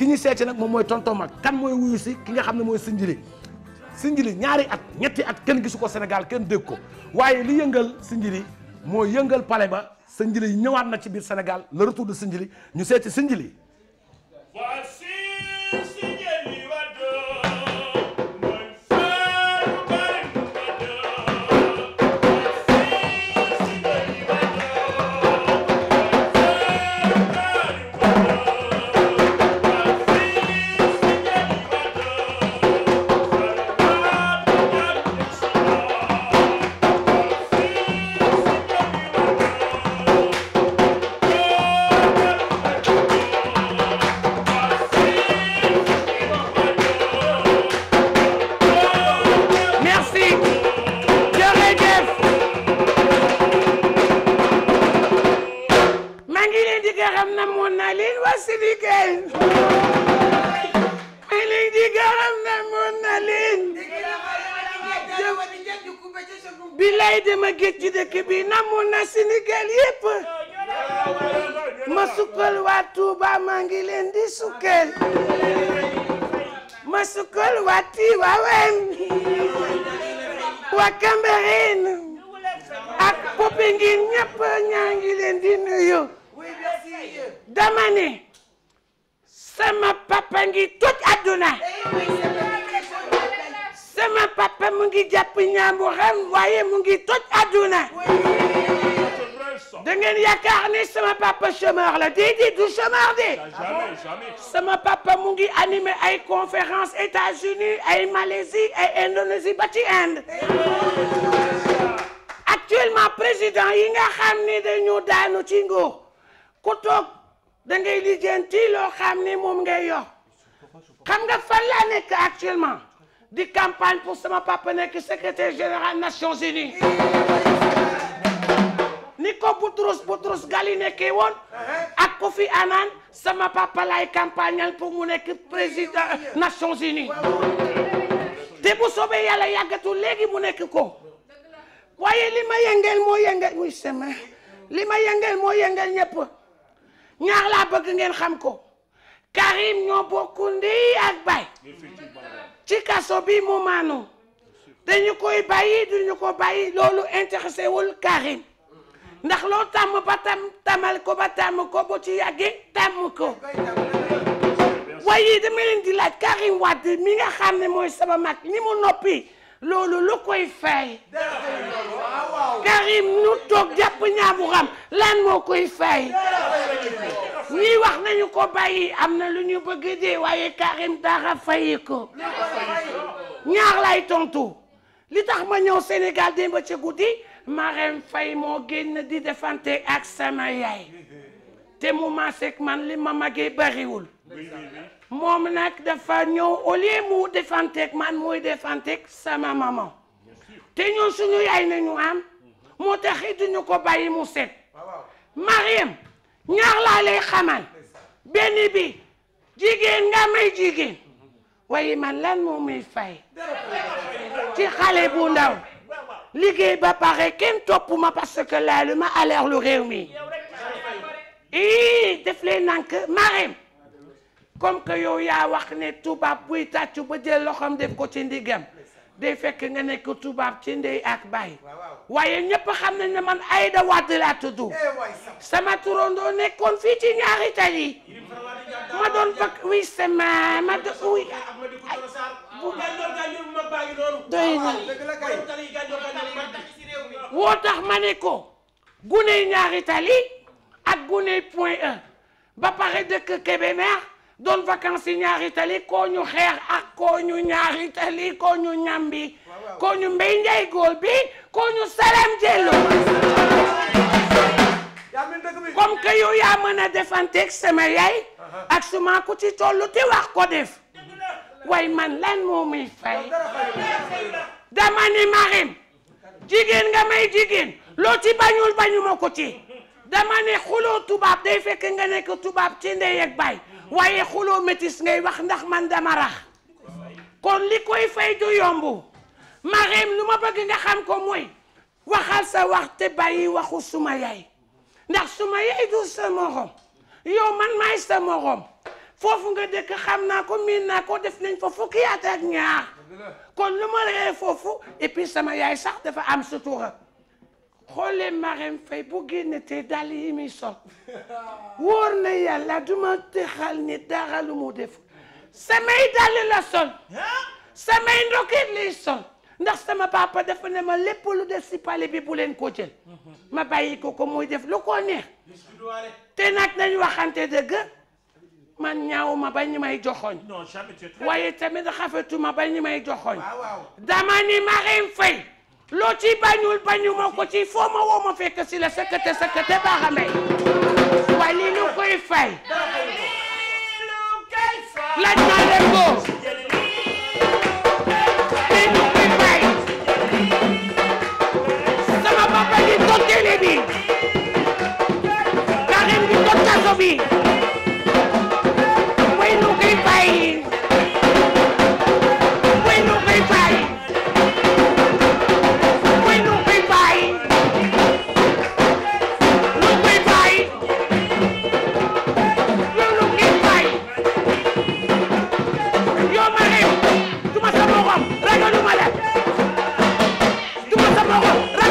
ki ñu seeti nag moom mooy tonton mag kan mooy wuyu si ki nga xam ne mooy Sindiély Sindiély ñaari at ñetti at kenn gisu ko senegal kenn dégg ko waaye li yëngal Sindiély mooy yëngal pale ba Sindiély ñëwaat na ci biir Sénégal le retour de Sindiély ñu seeti Sindiély bi lay dama géej ci dëkk bi namoon na Sénégal yépp ma sukkal waa Touba maa ngi leen di sukkal ma sukkal waa Tiwaawan waa Cambérène ak Popenguine ñépp ñaa ngi leen di nuyu dama ne sama papa ngi toj àdduna sama papa mu ngi jàpp ñaamuram waaye mu ngi toj àdduna da ngeen yaakaar ni sama papa chômeur la déedéet du chômeur de sama papa mu ngi anime ay conférence États-Unis ay Malaisie ay Indonésie ba ci Inde actuellement président yi nga xam ni dañu daanu ci nguur ku toog da ngay lijjanti loo xam ni moom ngay yor xam nga fan laa nekk actuellement di campagne pour sama papa nekk secrétaire général Nations Unies ni ko Boutros Boutros Ghali nekkee woon uh-huh. ak Kofi Annan sama papa lay campagnal pour mu nekk président Nations Unies te bu soobee yàlla yàggatul léegi mu nekk ko waaye li ma yëngel moo yëngel muy sema li ma yëngel moo yëngel ñëpp ñaar laa bëgg ngeen xam ko Karim ñoo bokk ndey ak bay ci kaso bi mu maanu dañu koy bàyyi duñu ko bàyyi loolu intéressé wul Karim ndax loo tàmm ba tamal ko ba tàmm ko ba ci yàggee tàmm ko waaye dama leen di laaj Karim Wade mi nga xam ne mooy sama mag ni mu noppi loolu lu koy fay Karim nu toog jàpp ñaamu xam moo koy fay ñii wax nañu ko bàyyi am na lu ñu bëgg dee waaye Karim dara fayi ko ñaar lay tontu li tax ma ñëw senegal démb ci guddi Marème Faye moo génn di defante ak sama yaay te mu maseek man li ma magee bariwul moom nag dafa ñëw au lieu mu defanteeg man muy defanteeg sama maman te ñun suñu yaay nañu am moo tax it duñu ko bàyyi mu set Marème ñaar laa lay xamal benn bi jigéen nga may jigéen waaye man lan moo muy fay ci xale bu ndaw liggéey ba pare kenn topp ma parce que laalu ma aleer lu réew mi ii def leen nank Marème comme que yow yaa wax ne tubaab buy tàccu ba jël loxoom def ko ci ndigam day fekk nga nekk tubaab ci ndey ak baay waaye ñépp xam nañ ne man Aïda Wade laa tudd eh, sama turandoo nekkoon fii ci ñaari tali ma doon fak oui sama ma do oui doy na ah, woo tax ma ne ko guney ñaari tali ak guney point 1 e. ba pare dëkk Kébémer doon vacances yi ñaari tali koo ñu xeex ak koo ñu ñaari tali koo ñu ñambi koo ñu mbéy njay bi koo ñu salam jello comme que yow yaa mën a defanteeg sama yaay ak suma ku ci tollu ti wax ko def way man lan moo fay dama marim jigéen nga may jigéen loo ci bañul bañu ma ko ci dama ne xuloo tubaab day fekk nga nekk tubaab ci ndey ak baay waaye xuloo métis ngay wax ndax man dama rax kon li koy fay du yomb Marème lu ma bëgg nga xam ko mooy waxal sa wax te bàyyi waxu suma yaay ndax suma yaay du sa morom yow man maay sa morom foofu nga dëkk xam naa ko miin naa ko def nañ fa fukki at ak ñaar kon lu ma layee foofu et sama yaay sax dafa am sutura xoolee Marème Faye bu génne te dal yi muy sol wóor na yàlla duma texal ni dara lu def samay dal la sol samay ndokket lay sol ndax sama papa dafa ne ma lépp lu def si pale bi bu leen ko jël ma bàyyi ko ko muy def lu ko neex te nag nañ waxante dëgg man ma ba ñu may joxoñ waaye tamit xafetuma ba ñu may joxoñ dama ni Marème Faye loo ci bañul bañu ma ko ci foo woo ma fekk si la sëkkate sëkkate baax a may fay laaj naa leen ko lii fay sama papa di toog télé bi Karim di toog kaso bi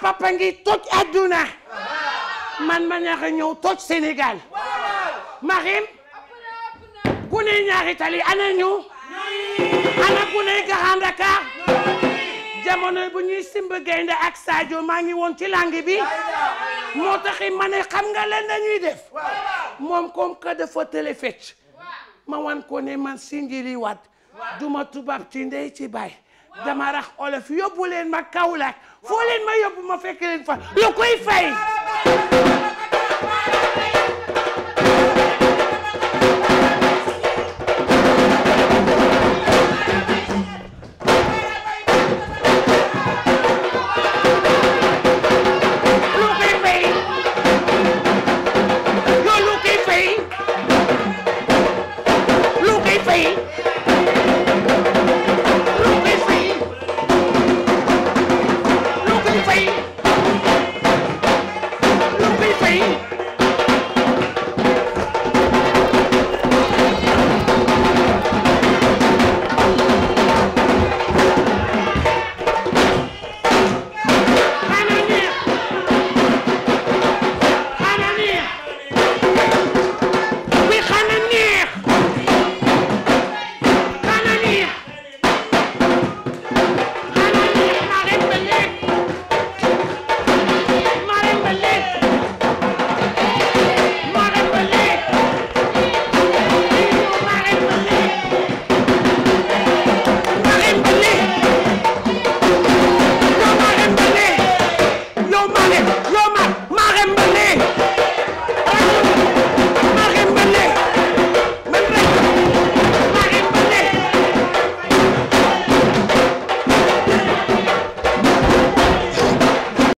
papa ngi toj adduna man ma ñax a ñëw toj Sénégal Maxim ku ne ñaari tali ana ñu ana ku ne Grand Dakar bu ñuy simba gaynde ak Sadio maa ngi woon ci langue bi moo taxi ma ne xam nga lan dañuy def moom comme que dafa télé ma wan ko ne man Sindiély Wade duma tubaab ci ndey ci baay dama rax olof yóbbu leen ma Kaolack foo leen ma yóbbu ma fekk leen fa lu koy fay